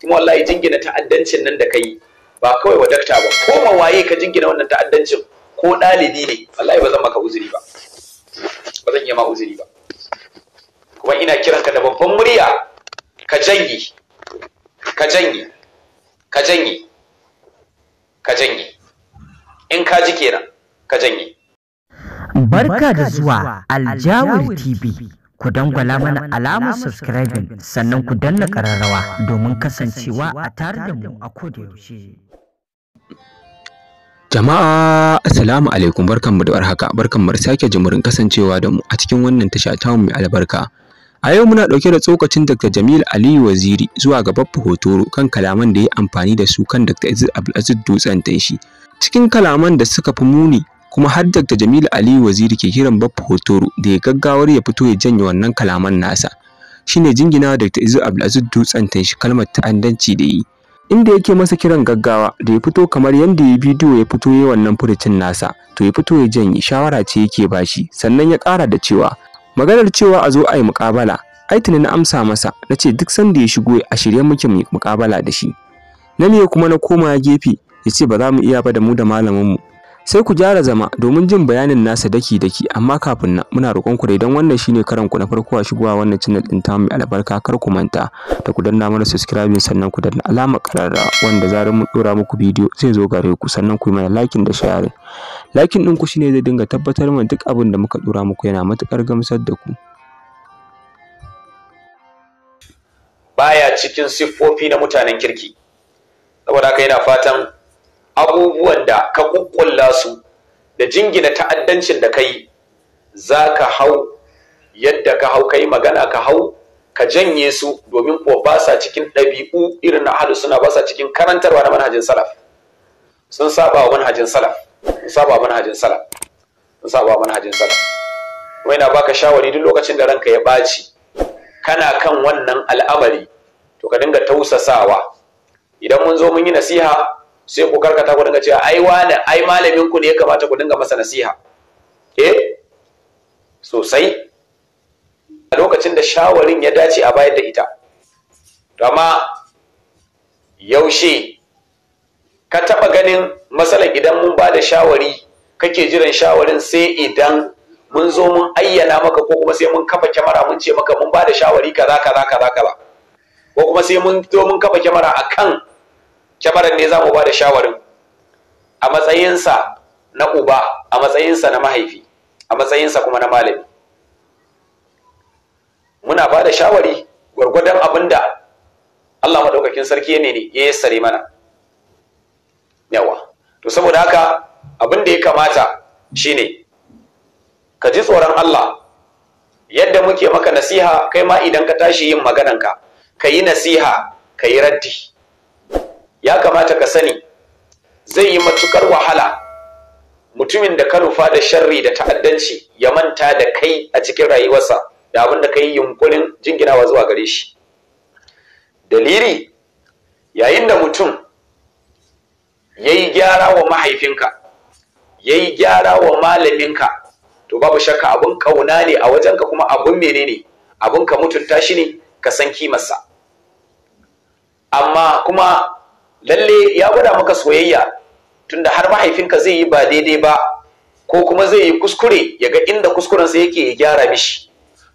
kuma wallahi jingina ta'addancin nan da ka yi ba kawai wa dakta ba ko ma waye ka jingina wannan ta'addancin ko ɗalibi ne wallahi ba zan maka uzuri ba ba zan yi ma uzuri ba kuma ina kiranka da babban murya ka janye ka janye ka janye ka janye in ka ji kenan ka janye barka da zuwa aljawar tv ku dangwala mana alamar subscribing sannan ku danna ƙararrawa domin kasancewa a tare da mu a yaushe. Jama'a Assalamu alaikum barkanmu da warhaka barkanmu da sake jimurin kasancewa da mu a cikin wannan tasha ta mai albarka. A yau muna ɗauke da tsokacin Dr. Jamil Aliyu Waziri zuwa ga Baffa Hotoro kan kalaman da ya amfani da su kan Dr. Aziz Abdulaziz Dutsen tashi. Cikin kalaman da suka fi muni kuma har Dr. Jamilu Aliyu Waziri ke kiran Baffa Hotoro da ya gaggawar ya fito ya janye wannan kalaman nasa. shi Shine jinginawa Dr. Izu Abdulaziz Dutsen shi kalmar ta'addanci da yi. Inda yake masa kiran gaggawa da ya fito kamar yadda ya bidiyo ya fito ya wannan furucin nasa, to ya fito ya janye shawara ce yake bashi, sannan ya ƙara da cewa maganar cewa a zo a yi muƙabala, ai tuni na amsa masa, na ce duk sanda ya shigo a shirye muke muƙabala da shi. Na kuma na koma gefe, ya ce ba za mu iya ba da mu da mu. sai ku gyara zama domin jin bayanin nasa daki-daki amma kafin nan muna roƙon ku idan wannan shine karan ku na farko a shigowa wannan channel din ta mai albarka kar ku manta da ku danna mana subscribe sannan ku danna alamar karara wanda zarar mun dora muku bidiyo zai zo gare ku sannan ku yi mana like da share like din ku shine zai dinga tabbatar mana duk abin da muka dora muku yana matukar gamsar da ku baya cikin siffofi na mutanen kirki saboda haka yana fatan abubuwan da ka kukkulla su da jingina ta'addancin da kai za ka hau yadda ka hau kai magana ka hau ka janye su domin ko ba sa cikin ɗabi'u irin na ahlus suna ba sa cikin karantarwa na manhajin salaf sun saba wa manhajin salaf sun saba wa manhajin salaf sun saba manhajin salaf wai na baka shawari duk lokacin da ranka ya ɓaci kana kan wannan al'amari to ka dinga tausasawa idan mun zo mun yi nasiha sai ku karkata ku dinga cewa ai wani ai malamin ku ne ya kamata ku dinga masa nasiha eh sosai a lokacin da shawarin ya dace a bayar da ita amma yaushe ka taba ganin matsalar idan mun ba da shawari kake jiran shawarin sai idan mun zo mun ayyana maka ko kuma sai mun kafa kyamara mun ce maka mun ba da shawari kaza kaza kaza kaza ko kuma sai mun zo mun kafa kyamara akan kyamarar ne za mu ba da shawarin a matsayinsa na uba a matsayinsa na mahaifi a matsayinsa kuma na malami muna ba da shawari gwargwadon abin da Allah maɗaukakin sarki ne ne ya sare mana yawa to saboda haka abin da ya kamata shine ka ji tsoron Allah yadda muke maka nasiha kai ma idan ka tashi yin magananka ka yi nasiha ka yi raddi ya kamata ka sani zai yi matukar wahala mutumin da ka nufa da sharri da ta'addanci ya manta da kai a cikin rayuwarsa da abin da ka yi yunkurin jinginawa zuwa gare shi dalili yayin da mutum ya yi gyara wa mahaifinka ya yi gyara wa malaminka to babu shakka abin kauna ne a wajenka kuma abun menene abun ka mutunta shi ne ka san kimarsa amma kuma lalle ya gwada maka soyayya tunda har mahaifinka zai yi ba daidai ba ko kuma zai yi kuskure ya ga inda kuskurensa yake ya gyara mishi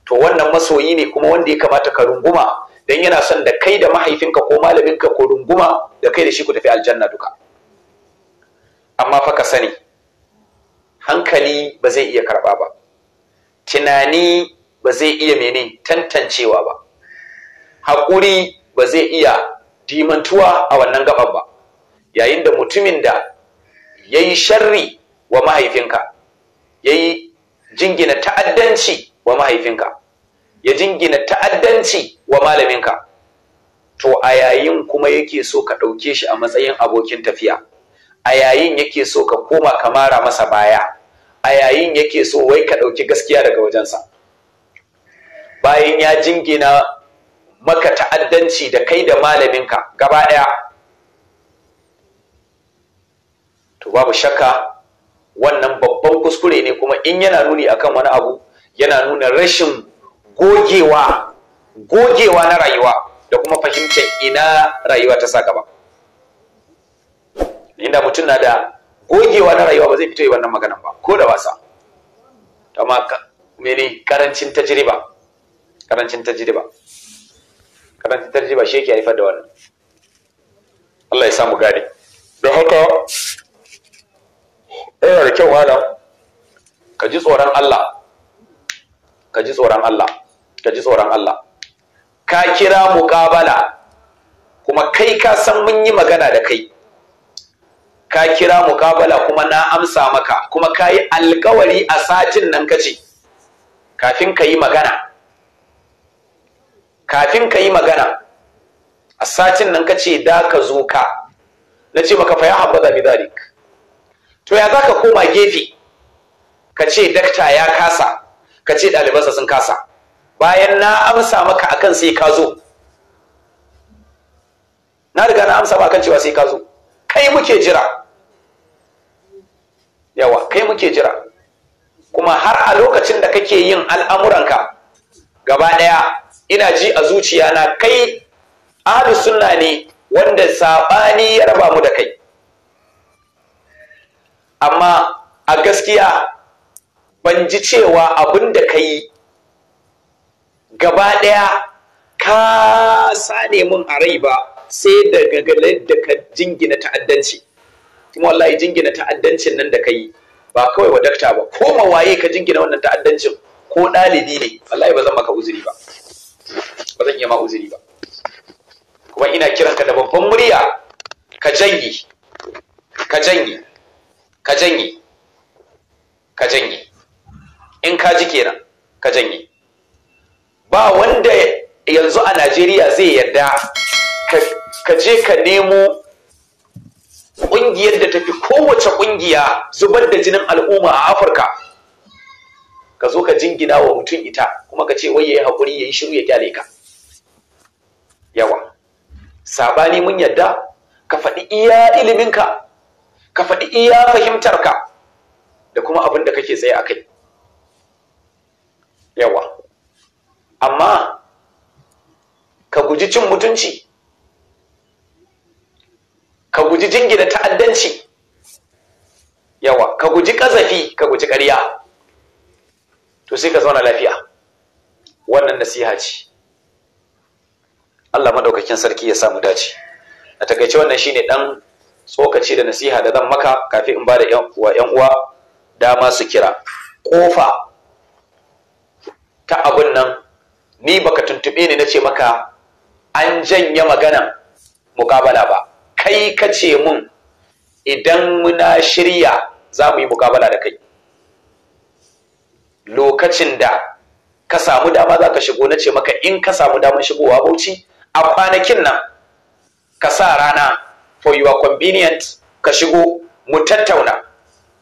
to wannan masoyi ne kuma wanda ya kamata ka runguma dan yana son da kai da mahaifinka ko malaminka ko runguma da kai da shi ku tafi aljanna duka amma fa ka sani hankali ba zai iya karba ba tunani ba zai iya mene tantancewa ba haƙuri ba zai iya dimantuwa a wannan gaban ba yayin da mutumin da ya yi sharri wa mahaifinka ya yi jingina ta'addanci wa mahaifinka ya jingina ta'addanci wa malaminka to a yayin kuma yake so ka ɗauke shi a matsayin abokin tafiya a yayin yake so ka koma ka mara masa baya a yayin yake so wai ka ɗauki gaskiya daga wajensa bayan ya jingina maka ta'addanci da kai da malaminka gaba ɗaya to babu shakka wannan babban kuskure ne kuma in yana nuni akan wani abu yana nuna rashin gogewa gogewa na rayuwa da kuma fahimtar ina rayuwa ta sa gaba inda mutum na da gogewa na rayuwa ba zai fito yi wannan maganan ba ko da wasa amma mene karancin tajriba karancin tajriba karanta tarjima shi yake haifar da wannan Allah ya samu gane don haka yana da kyau malam ka ji tsoron Allah ka ji tsoron Allah ka ji tsoron Allah ka kira muƙabala kuma kai ka san mun yi magana da kai ka kira muƙabala kuma na amsa maka kuma ka yi a satin nan ka ce kafin ka yi magana kafin ka yi magana a satin nan ka ce da ka zo ka na ce maka fa ya habbaza bi zalik to ya zaka koma gefe ka ce dakta ya kasa ka ce ɗalibansa sun kasa bayan na amsa maka akan sai ka zo na riga na amsa ba kan cewa sai ka zo kai muke jira yawa kai muke jira kuma har a lokacin da kake yin al'amuranka gaba ɗaya ina ji a zuciya na kai ahli sunna ne wanda sabani ya raba mu da kai amma a gaskiya ban ji cewa abin da ka gaba ɗaya ka sane mun a rai ba sai daga galar da ka jingina ta'addanci kuma wallahi jingina ta'addancin nan da ka yi ba kawai dakta ba ko waye ka jingina wannan ta'addancin ko ɗalibi ne wallahi ba zan maka uzuri ba ba zan iya ma uzuri ba kuma ina kiranka da babban murya ka janye ka janye ka janye ka janye in ka ji kenan ka janye ba wanda yanzu a Najeriya zai yarda ka je ka nemo ƙungiyar da tafi kowace ƙungiya zubar da jinin al'umma a Afirka ka zo ka jingina wa mutum ita kuma ka ce wai ya yi haƙuri ya yi shiru ya kyale ka yawa sabani mun yadda ka faɗi iya iliminka ka faɗi iya fahimtarka da kuma abin da kake tsaye a kai yawa amma ka guji cin mutunci ka guji jingina ta'addanci yawa ka guji ƙazafi ka guji ƙarya to sai ka zauna lafiya wannan nasiha ce Allah madaukakin sarki ya samu dace a takaice wannan shine dan tsokaci da nasiha da zan maka kafin in ba da yan uwa dama su kira kofa ta abun nan ni baka tuntube ni nace maka an janye magana mukabala ba kai kace mun idan muna shirya za mu yi mukabala da kai lokacin da ka samu dama za ka shigo nace maka in ka samu damar shigowa bauchi a kwanakin nan ka sa rana for your convenient ka shigo mu tattauna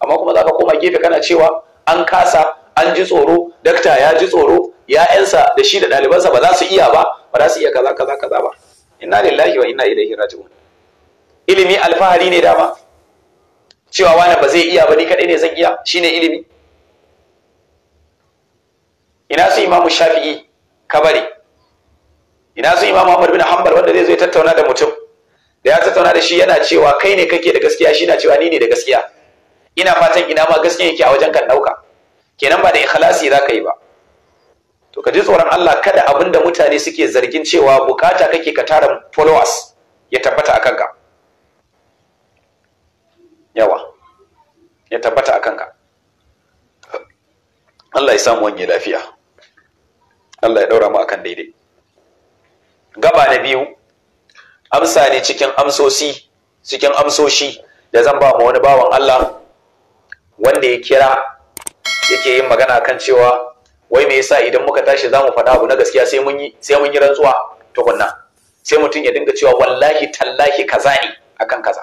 amma kuma za ka koma gefe kana cewa an kasa an ji tsoro dakta ya ji tsoro ya'yansa da shi da ɗalibansa ba za su iya ba ba za su iya kaza kaza kaza ba inna lillahi wa inna ilaihi raji'un ilimi alfahari ne dama cewa wani ba zai iya ba ni kadai ne zan iya shine ilimi ina su imamu shafi'i kabari ina su imama Ahmad bin Hanbal wanda zai zo ya tattauna da mutum da ya tattauna da shi yana cewa kai ne kake da gaskiya shi na cewa ni ne da gaskiya ina fatan ina ma gaskiya yake a wajen kan dauka kenan ba da ikhlasi za ka yi ba to ka ji tsoron Allah kada abin da mutane suke zargin cewa bukata kake ka tara followers ya tabbata a kanka yawa ya tabbata a kanka Allah ya samu wani lafiya Allah ya daura mu akan daidai gaba na biyu amsa ne cikin amsoshi cikin amsoshi da zan ba ma wani bawan Allah wanda ya kira yake yin magana kan cewa wai me yasa idan muka tashi zamu faɗa abu na gaskiya sai mun yi sai mun yi rantsuwa kunna sai mutum ya dinga cewa wallahi tallahi kaza ne akan kaza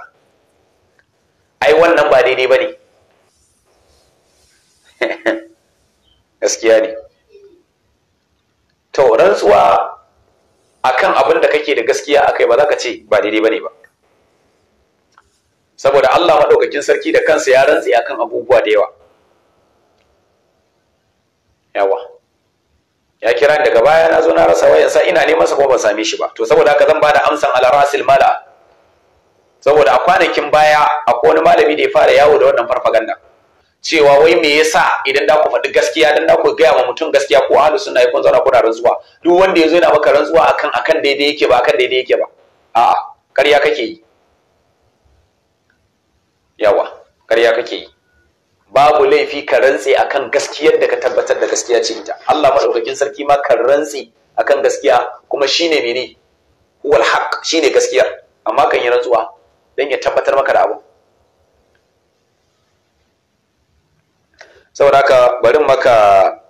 ai wannan ba daidai bane gaskiya ne to rantsuwa akan abin da kake da gaskiya akai ba za ka ce ba daidai bane ba saboda Allah maɗaukakin sarki da kansa ya rantsi akan abubuwa da yawa yawa ya kira daga baya na zo na rasa sa ina neman sa ko ban same shi ba to saboda haka zan ba da amsan ala rasil mala saboda a kwanakin baya akwai wani malami da ya fara yawo da wannan farfaganda cewa wai me yasa idan da ku faɗi gaskiya dan da ku gaya ma mutum gaskiya ko ahlu sunna kun zauna kuna rantsuwa duk wanda yazo yana maka rantsuwa akan akan daidai yake ba akan daidai yake ba a'a ƙarya kake yi yawa ƙarya kake yi babu laifi ka rantse akan gaskiyar da ka tabbatar da gaskiya ce ita Allah madaukakin sarki ma ka rantse akan gaskiya kuma shine mene huwal haq shine gaskiya amma kan yi rantsuwa dan ya tabbatar maka da abu saboda haka bari maka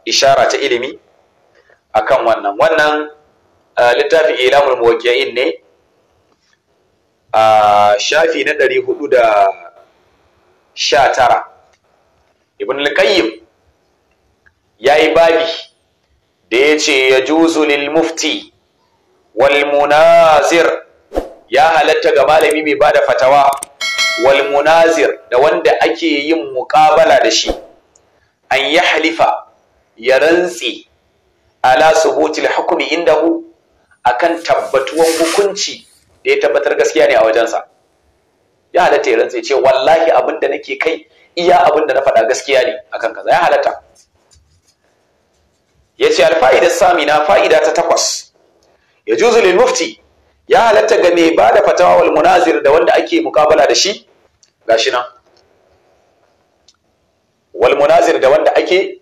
ishara ta ilimi akan wannan wannan littafin ilamul muwaqqi'in ne a shafi na 419 ibn al-qayyim yayi babi da yace yajuzu lil mufti wal munazir ya halatta ga malami mai bada fatawa wal munazir da wanda ake yin muqabala da shi an yi halifa ya rantse ala subutil hukumi indahu akan tabbatuwan hukunci da ya tabbatar gaskiya ne a wajensa ya halatta ya rantse ce wallahi abin da nake kai iya abin da na faɗa gaskiya ne akan kaza ya halatta ya ce alfa'idar sami na fa'ida ta takwas ya juzu lil mufti ya halatta ga mai ba da fatawa wal munazir da wanda ake mukabala da shi gashi nan wal munazir da wanda ake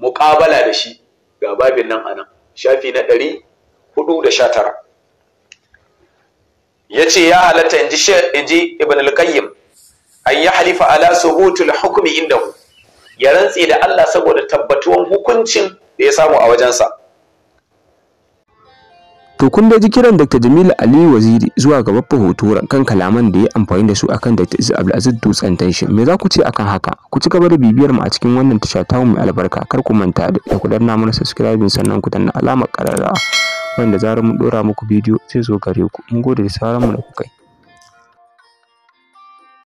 muƙabala da shi ga babin nan anan shafi na ɗari hudu da sha tara ya ce ya halatta in ji ibn al-qayyim an yi halifa ala subutul hukumi indahu ya rantse da Allah saboda tabbatuwan hukuncin da ya samu a wajensa to kun da ji kiran Dr. Jamilu Ali Waziri zuwa ga babba hoto kan kalaman da ya amfani da su akan Dr. Isa Abdulaziz Dutsen Tanshi me za ku ce akan haka ku ci gaba da bibiyar mu a cikin wannan tasha ta mu albarka kar ku manta da ku danna mana subscribe sannan ku danna alamar kararrawa wanda zarar mun dora muku bidiyo sai zo gare ku mun gode da sauraron mu da kuka yi